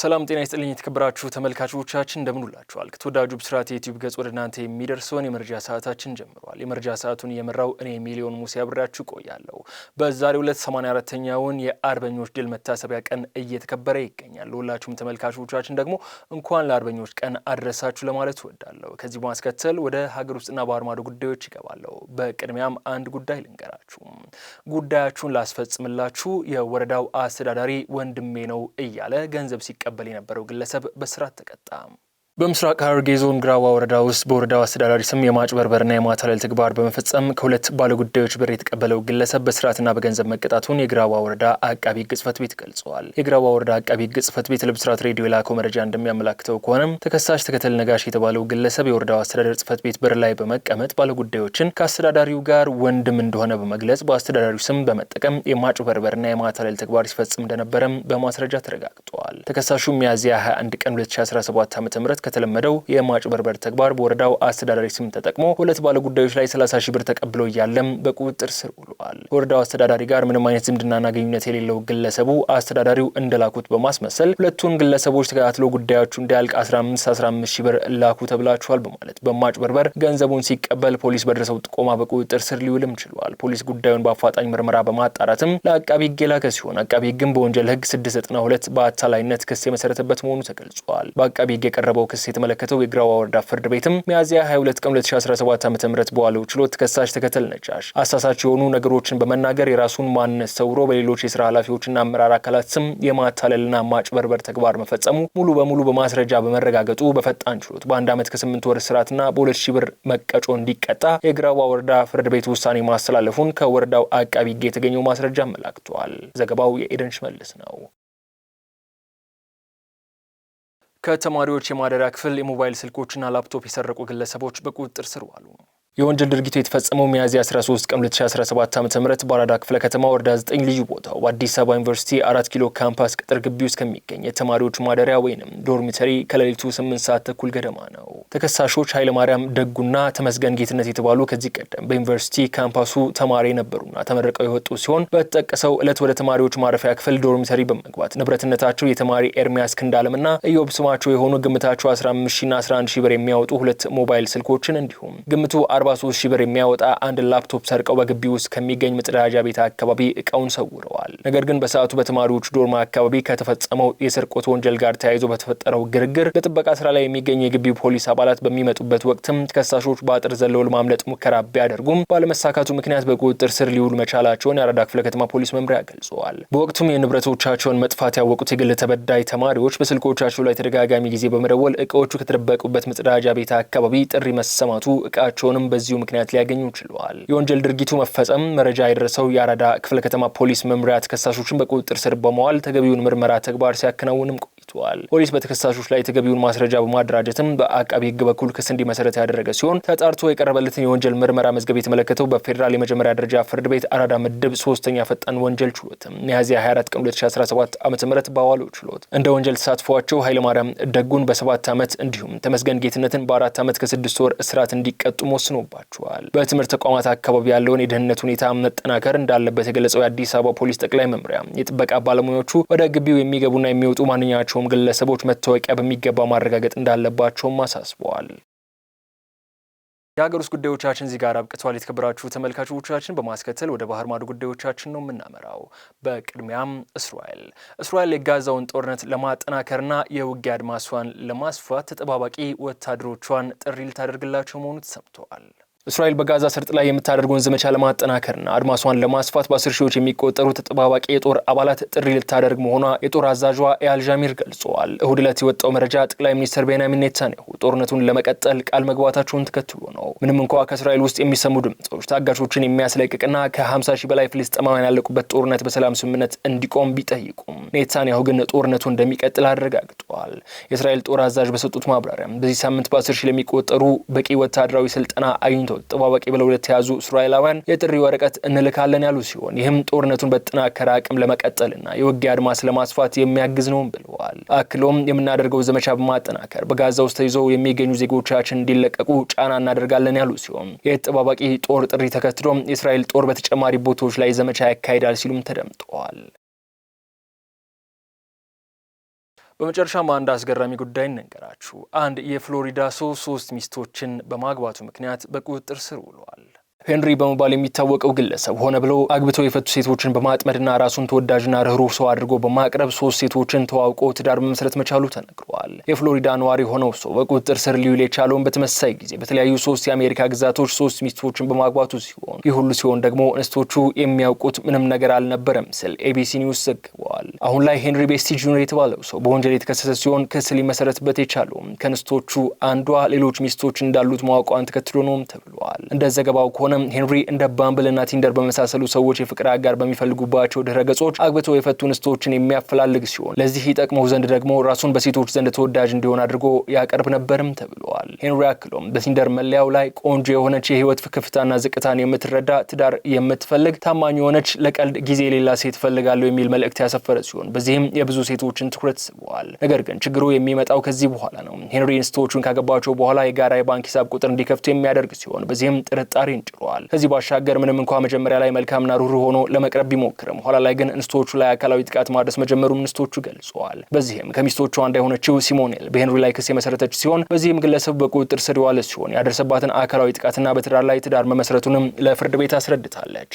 ሰላም ጤና ይስጥልኝ የተከበራችሁ ተመልካቾቻችን እንደምንውላችኋል። ከተወዳጁ ብስራት የዩቲዩብ ገጽ ወደ እናንተ የሚደርሰውን የመረጃ ሰዓታችን ጀምሯል። የመረጃ ሰዓቱን የመራው እኔ ሚሊዮን ሙሴ አብሬያችሁ ቆያለሁ። በዛሬው ዕለት 84ተኛውን የአርበኞች ድል መታሰቢያ ቀን እየተከበረ ይገኛል። ለሁላችሁም ተመልካቾቻችን ደግሞ እንኳን ለአርበኞች ቀን አድረሳችሁ ለማለት እወዳለሁ። ከዚህ በማስከተል ወደ ሀገር ውስጥና ባህር ማዶ ጉዳዮች ይገባለሁ። በቅድሚያም አንድ ጉዳይ ልንገራችሁ። ጉዳያችሁን ላስፈጽምላችሁ የወረዳው አስተዳዳሪ ወንድሜ ነው እያለ ገንዘብ ሲቀ ሲቀበል የነበረው ግለሰብ በእስራት ተቀጣ። በምስራቅ ሐረርጌ ዞን ግራዋ ወረዳ ውስጥ በወረዳው አስተዳዳሪ ስም የማጭበርበርና የማታለል ተግባር በመፈጸም ከሁለት ባለጉዳዮች ብር የተቀበለው ግለሰብ በስርዓትና በገንዘብ መቀጣቱን የግራዋ ወረዳ አቃቢ ሕግ ጽሕፈት ቤት ገልጸዋል። የግራዋ ወረዳ አቃቢ ሕግ ጽሕፈት ቤት ለብስራት ሬዲዮ የላከው መረጃ እንደሚያመላክተው ከሆነም ተከሳሽ ተከተል ነጋሽ የተባለው ግለሰብ የወረዳው አስተዳደር ጽሕፈት ቤት በር ላይ በመቀመጥ ባለጉዳዮችን ከአስተዳዳሪው ጋር ወንድም እንደሆነ በመግለጽ በአስተዳዳሪው ስም በመጠቀም የማጭበርበርና የማታለል ተግባር ሲፈጽም እንደነበረም በማስረጃ ተረጋግጠዋል። ተከሳሹ ሚያዝያ 21 ቀን 2017 ዓ ም ከተለመደው የማጭበርበር ተግባር በወረዳው አስተዳዳሪ ስም ተጠቅሞ ሁለት ባለጉዳዮች ላይ 30 ሺህ ብር ተቀብሎ እያለም በቁጥጥር ስር ውለዋል። ከወረዳው አስተዳዳሪ ጋር ምንም አይነት ዝምድናና ግንኙነት የሌለው ግለሰቡ አስተዳዳሪው እንደላኩት በማስመሰል ሁለቱን ግለሰቦች ተከታትሎ ጉዳያቹ እንዲያልቅ 15 15 ሺህ ብር ላኩ ተብላችኋል በማለት በማጭበርበር ገንዘቡን ሲቀበል ፖሊስ በደረሰው ጥቆማ በቁጥጥር ስር ሊውልም ችሏል። ፖሊስ ጉዳዩን በአፋጣኝ ምርመራ በማጣራትም ለአቃቢ ሕግ የላከ ሲሆን አቃቢ ህግም በወንጀል ህግ 692 በአታላይነት ክስ የመሰረተበት መሆኑ ተገልጿል። በአቃቢ ህግ የቀረበው ክስ ክስ የተመለከተው የግራዋ ወረዳ ፍርድ ቤትም ሚያዝያ 22 ቀን 2017 ዓ ም በዋለው ችሎት ተከሳሽ ተከተል ነጫሽ አሳሳች የሆኑ ነገሮችን በመናገር የራሱን ማንነት ሰውሮ በሌሎች የስራ ኃላፊዎችና አመራር አካላት ስም የማታለልና ማጭበርበር ተግባር መፈጸሙ ሙሉ በሙሉ በማስረጃ በመረጋገጡ በፈጣን ችሎት በአንድ ዓመት ከስምንት ወር እስራትና በሁለት ሺህ ብር መቀጮ እንዲቀጣ የግራዋ ወረዳ ፍርድ ቤት ውሳኔ ማስተላለፉን ከወረዳው አቃቢ ሕግ የተገኘው ማስረጃ አመላክቷል። ዘገባው የኤደን ሽመልስ ነው። ከተማሪዎች የማደሪያ ክፍል የሞባይል ስልኮችና ላፕቶፕ የሰረቁ ግለሰቦች በቁጥጥር ስር ዋሉ። የወንጀል ድርጊቱ የተፈጸመው ሚያዝያ 13 ቀን 2017 ዓ ም በአራዳ ክፍለ ከተማ ወረዳ 9 ልዩ ቦታው በአዲስ አበባ ዩኒቨርሲቲ አራት ኪሎ ካምፓስ ቅጥር ግቢ ውስጥ ከሚገኝ የተማሪዎች ማደሪያ ወይንም ዶርሚተሪ ከሌሊቱ 8 ሰዓት ተኩል ገደማ ነው። ተከሳሾች ኃይለማርያም ደጉና ተመስገን ጌትነት የተባሉ ከዚህ ቀደም በዩኒቨርሲቲ ካምፓሱ ተማሪ የነበሩና ተመርቀው የወጡ ሲሆን በተጠቀሰው ዕለት ወደ ተማሪዎች ማረፊያ ክፍል ዶርሚተሪ በመግባት ንብረትነታቸው የተማሪ ኤርሚያስ ክንዳለምና ኢዮብ ስማቸው የሆኑ ግምታቸው 150ና 11ሺ ብር የሚያወጡ ሁለት ሞባይል ስልኮችን እንዲሁም ግምቱ 43 ሺ ብር የሚያወጣ አንድ ላፕቶፕ ሰርቀው በግቢ ውስጥ ከሚገኝ መጸዳጃ ቤት አካባቢ እቃውን ሰውረዋል። ነገር ግን በሰዓቱ በተማሪዎች ዶርማ አካባቢ ከተፈጸመው የስርቆት ወንጀል ጋር ተያይዞ በተፈጠረው ግርግር በጥበቃ ስራ ላይ የሚገኝ የግቢ ፖሊስ አባላት በሚመጡበት ወቅትም ተከሳሾች በአጥር ዘለው ለማምለጥ ሙከራ ቢያደርጉም ባለመሳካቱ ምክንያት በቁጥጥር ስር ሊውሉ መቻላቸውን የአራዳ ክፍለ ከተማ ፖሊስ መምሪያ ገልጸዋል። በወቅቱም የንብረቶቻቸውን መጥፋት ያወቁት የግል ተበዳይ ተማሪዎች በስልኮቻቸው ላይ ተደጋጋሚ ጊዜ በመደወል እቃዎቹ ከተደበቁበት መጸዳጃ ቤት አካባቢ ጥሪ መሰማቱ እቃቸውንም በዚሁ ምክንያት ሊያገኙ ችለዋል። የወንጀል ድርጊቱ መፈጸም መረጃ የደረሰው የአራዳ ክፍለ ከተማ ፖሊስ መምሪያ ተከሳሾችን በቁጥጥር ስር በመዋል ተገቢውን ምርመራ ተግባር ሲያከናውንም ተከስቷል። ፖሊስ በተከሳሾች ላይ ተገቢውን ማስረጃ በማደራጀትም በአቃቢ ህግ በኩል ክስ እንዲመሰረት ያደረገ ሲሆን ተጣርቶ የቀረበለትን የወንጀል ምርመራ መዝገብ የተመለከተው በፌዴራል የመጀመሪያ ደረጃ ፍርድ ቤት አራዳ ምድብ ሶስተኛ ፈጣን ወንጀል ችሎት ሚያዝያ 24 ቀን 2017 ዓ ም በዋለው ችሎት እንደ ወንጀል ተሳትፏቸው ኃይለማርያም ደጉን በሰባት ዓመት እንዲሁም ተመስገን ጌትነትን በአራት ዓመት ከስድስት ወር እስራት እንዲቀጡም ወስኖባቸዋል። በትምህርት ተቋማት አካባቢ ያለውን የደህንነት ሁኔታ መጠናከር እንዳለበት የገለጸው የአዲስ አበባ ፖሊስ ጠቅላይ መምሪያ የጥበቃ ባለሙያዎቹ ወደ ግቢው የሚገቡና የሚወጡ ማንኛቸው ያላቸውም ግለሰቦች መታወቂያ በሚገባ ማረጋገጥ እንዳለባቸውም አሳስበዋል። የሀገር ውስጥ ጉዳዮቻችን እዚህ ጋር አብቅተዋል። የተከበራችሁ ተመልካቾቻችን በማስከተል ወደ ባህር ማዶ ጉዳዮቻችን ነው የምናመራው። በቅድሚያም እስራኤል እስራኤል የጋዛውን ጦርነት ለማጠናከርና የውጊያ አድማሷን ለማስፋት ተጠባባቂ ወታደሮቿን ጥሪ ልታደርግላቸው መሆኑ ተሰምተዋል። እስራኤል በጋዛ ሰርጥ ላይ የምታደርገውን ዘመቻ ለማጠናከርና አድማሷን ለማስፋት በአስር ሺዎች የሚቆጠሩ ተጠባባቂ የጦር አባላት ጥሪ ልታደርግ መሆኗ የጦር አዛዧ ኤያል ዣሚር ገልጸዋል። እሁድ ዕለት የወጣው መረጃ ጠቅላይ ሚኒስትር ቤንያሚን ኔታንያሁ ጦርነቱን ለመቀጠል ቃል መግባታቸውን ተከትሎ ነው። ምንም እንኳ ከእስራኤል ውስጥ የሚሰሙ ድምጾች ታጋቾችን የሚያስለቅቅና ከ50 ሺህ በላይ ፍልስጤማውያን ያለቁበት ጦርነት በሰላም ስምምነት እንዲቆም ቢጠይቁም ኔታንያሁ ግን ጦርነቱ እንደሚቀጥል አረጋግጧል። ገልጸዋል። የእስራኤል ጦር አዛዥ በሰጡት ማብራሪያም በዚህ ሳምንት በአስር ሺህ ለሚቆጠሩ በቂ ወታደራዊ ስልጠና አግኝተው ጠባባቂ ብለው ለተያዙ እስራኤላውያን የጥሪ ወረቀት እንልካለን ያሉ ሲሆን ይህም ጦርነቱን በተጠናከረ አቅም ለመቀጠልና የውጊያ አድማስ ለማስፋት የሚያግዝ ነውም ብለዋል። አክሎም የምናደርገው ዘመቻ በማጠናከር በጋዛ ውስጥ ተይዘው የሚገኙ ዜጎቻችን እንዲለቀቁ ጫና እናደርጋለን ያሉ ሲሆን የተጠባባቂ ጦር ጥሪ ተከትሎም የእስራኤል ጦር በተጨማሪ ቦታዎች ላይ ዘመቻ ያካሂዳል ሲሉም ተደምጠዋል። በመጨረሻም አንድ አስገራሚ ጉዳይ እንንገራችሁ። አንድ የፍሎሪዳ ሰው ሶስት ሚስቶችን በማግባቱ ምክንያት በቁጥጥር ስር ውሏል። ሄንሪ በመባል የሚታወቀው ግለሰብ ሆነ ብሎ አግብተው የፈቱ ሴቶችን በማጥመድና ራሱን ተወዳጅና ርኅሩህ ሰው አድርጎ በማቅረብ ሶስት ሴቶችን ተዋውቆ ትዳር መመስረት መቻሉ ተነግሯል። ተገኝተዋል። የፍሎሪዳ ነዋሪ የሆነው ሰው በቁጥጥር ስር ሊውል የቻለውን በተመሳሳይ ጊዜ በተለያዩ ሶስት የአሜሪካ ግዛቶች ሶስት ሚስቶችን በማግባቱ ሲሆን ይህ ሁሉ ሲሆን ደግሞ እንስቶቹ የሚያውቁት ምንም ነገር አልነበረም ሲል ኤቢሲ ኒውስ ዘግበዋል። አሁን ላይ ሄንሪ ቤስቲ ጁኒር የተባለው ሰው በወንጀል የተከሰሰ ሲሆን ክስ ሊመሰረትበት የቻለውም ከእንስቶቹ አንዷ ሌሎች ሚስቶች እንዳሉት ማወቋን ተከትሎ ነውም ተብሏል። እንደ ዘገባው ከሆነም ሄንሪ እንደ ባምብልና ቲንደር በመሳሰሉ ሰዎች የፍቅር አጋር በሚፈልጉባቸው ድረገጾች አግብተው የፈቱ እንስቶችን የሚያፈላልግ ሲሆን ለዚህ ይጠቅመው ዘንድ ደግሞ ራሱን በሴቶች ዘንድ ተወዳጅ እንዲሆን አድርጎ ያቀርብ ነበርም ተብለዋል። ሄንሪ አክሎም በቲንደር መለያው ላይ ቆንጆ የሆነች የህይወት ከፍታና ዝቅታን የምትረዳ ትዳር የምትፈልግ ታማኝ የሆነች ለቀልድ ጊዜ የሌላ ሴት ፈልጋለሁ የሚል መልእክት ያሰፈረ ሲሆን በዚህም የብዙ ሴቶችን ትኩረት ስበዋል። ነገር ግን ችግሩ የሚመጣው ከዚህ በኋላ ነው። ሄንሪ ሚስቶቹን ካገባቸው በኋላ የጋራ የባንክ ሂሳብ ቁጥር እንዲከፍቱ የሚያደርግ ሲሆን በዚህም ጥርጣሬን ጭሯል። ከዚህ ባሻገር ምንም እንኳ መጀመሪያ ላይ መልካምና ሩህሩህ ሆኖ ለመቅረብ ቢሞክርም ኋላ ላይ ግን እንስቶቹ ላይ አካላዊ ጥቃት ማድረስ መጀመሩን እንስቶቹ ገልጸዋል። በዚህም ከሚስቶቹ አንዷ የሆነችው ሲሞኔል በሄንሪ ላይክስ የመሰረተች ሲሆን በዚህም ግለሰብ በቁጥጥር ስር የዋለች ሲሆን ያደረሰባትን አካላዊ ጥቃትና በትዳር ላይ ትዳር መመስረቱንም ለፍርድ ቤት አስረድታለች።